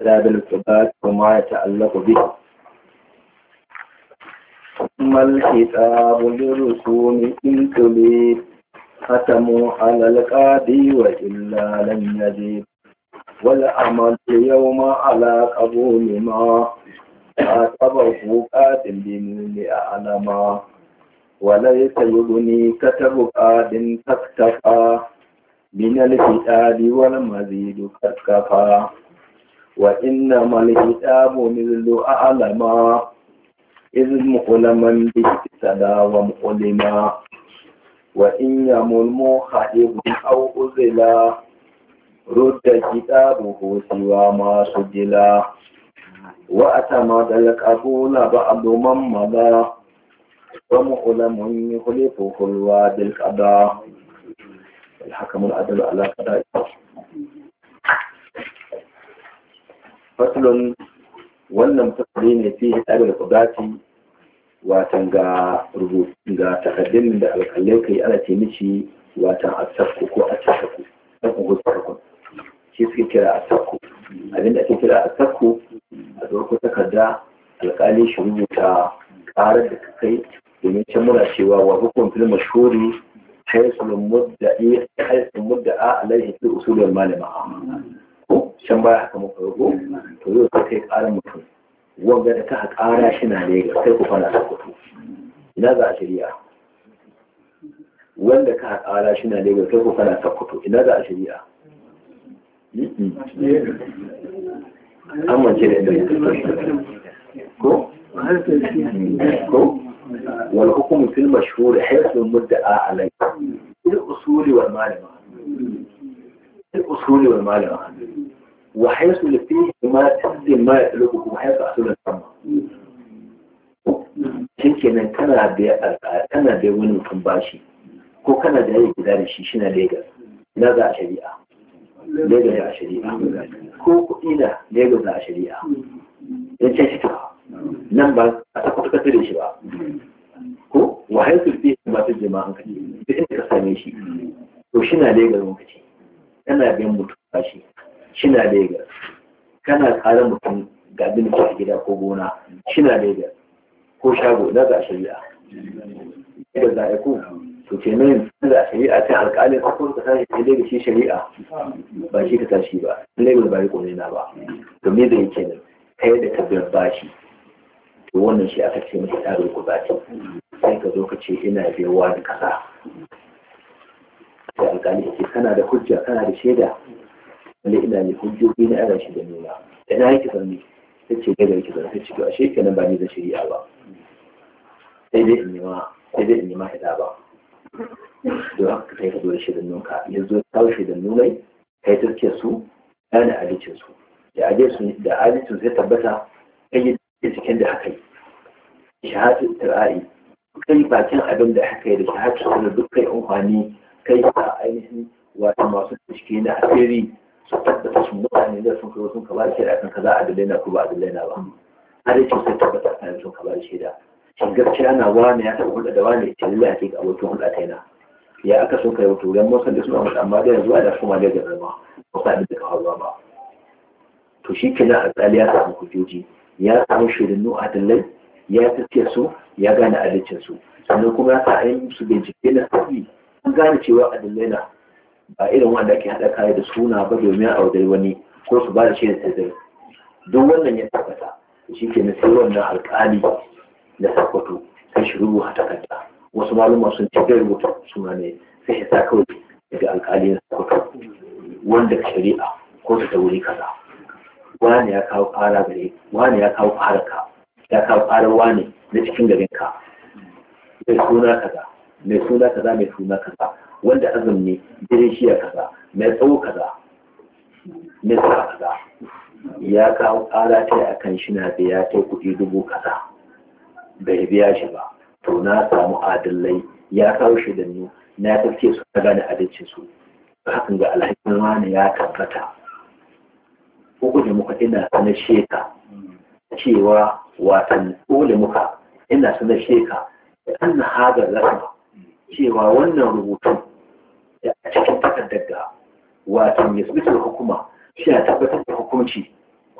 لا بالثبات وما يتعلق به ثم الكتاب بالرسوم إن تبيد ختموا على القاضي وإلا لم يجيب والعمل يوم على قبول ما عاتبه قاتل بمن أعلم وليس يغني كتب قاد تكتفى من الكتاب والمزيد قد كفى wa inna malihi tabu nilu a'lama iz muqallaman bi sada wa muqallima wa inna mul muhadibu aw uzila rudda kitabu huwa ma sujila wa atama dalqabuna ba'du man mada wa muqallamun yukhlifu kulwa bil qada الحكم العدل على قضائه faslun wannan fasli ne fi hadarin kudati watan ga rubutun ga takaddun da alƙalai kai ana ce mishi watan asakku ko a asakku sakku ko sakku shi suke kira asakku abinda ake kira asakku a ɗauko takarda alƙali shi rubuta ƙarar da ka kai domin can muna cewa wa hukun fil mashhuri haythu mudda'i haythu mudda'a alaihi fi usulul malama can baya haka muka roƙo to yau ka kai ƙara mutum wanda da ka ƙara shi na Legas sai ku fara Sokoto ina za a shari'a wanda ka ƙara shi na Legas sai ku fara Sokoto ina za a shari'a an mance da inda ko ko wal hukumu fil mashhur haythu mudda'a alayhi fil usuli wal malama fil usuli wal malama وحيث اللي فيه ما تبذل ما يألوكم وحيث أحسن Shin kenan kana da kana da wani mutum bashi ko kana da yayi gida da shi shi na Lagos na za a shari'a Lagos ya shari'a ko kuɗi na Lagos a shari'a dan ce shi ta nan ba a ta kuka da shi ba ko wa haisul fi ba ta jama'an ka duk inda ka same shi to shi na Lagos mun kace kana da mutum bashi shina Legas kana ƙarar mutum ga abin a gida ko gona shina Legas ko shago na ga shari'a da za a ku to ce min za a shari'a ta alƙalin ko ka tashi ta daga shi shari'a ba shi ka tashi ba Legas ba ya kone na ba to me zai kenan kai da tabbiyar bashi to wannan shi aka ce masa ba ce sai ka zo ka ce ina biyarwa da kasa da alƙali ce kana da hujja kana da shaida lalle ina ne hujjoji na ana shi da nuna ina yake zarni ta ce gaida yake zarni ta ce to ashe kenan ba ni da shari'a ba sai dai in nema sai dai in nema hida ba don haka sai ka zo da shirin nunka ya zo kawo shirin nunai kai turke su yana alicin su da alicin da alicin zai tabbata kai yi cikin da haka yi shahatu tira'i kai bakin abin da haka yi da shahatu tira'i duk kai amfani kai a ainihin wata masu cike na asiri shin mutane da sun kawo sun ka bada shaida kan kaza a na ko ba adalai na ba adalci sai tabbata kan sun ka a shaida shin gaskiya na wani ya taɓa hulɗa da wani ta lallai ake ga abokin hulɗa ta yana ya aka sun kai wato ran musan da suna mutu amma da yanzu ana kuma da gaba ba ba da ka kawo ba to shi a tsaliya ya samu kujoji ya samu a adalai ya tafiya su ya gane adalcin su sannan kuma ya sa ainihin su bincike na sabi an gane cewa adalai na ba irin wanda ake haɗa kaya da suna ba domin audai wani ko su ba da shi da duk wannan ya tabbata shi ke na sai wannan alƙali da sakwato sai shi rubuta takarda wasu malama sun ce zai rubuta suna ne sai ya sa kawai daga alƙali na sakwato wanda shari'a ko su ta wuri kaza wani ya kawo ƙara gare wani ya kawo ƙara ka ya kawo fara wani na cikin garin ka sai suna kaza mai suna kaza mai suna kaza wanda azumi ne shi ya kaza mai tsawo kaza mai tsawo kaza ya kawo kara ta a kan shi na biya ta kuɗi dubu kaza bai biya shi ba to na samu adalai ya kawo shi da ni na tafke su ta gane adalcin su hakan ga alhakin wani ya tabbata uku da muka ina sanar sheka cewa watan Kole muka ina sanar sheka da an na hagar rasama cewa wannan rubutu da a cikin takardar da wato ya hukuma shi a tabbatar da hukunci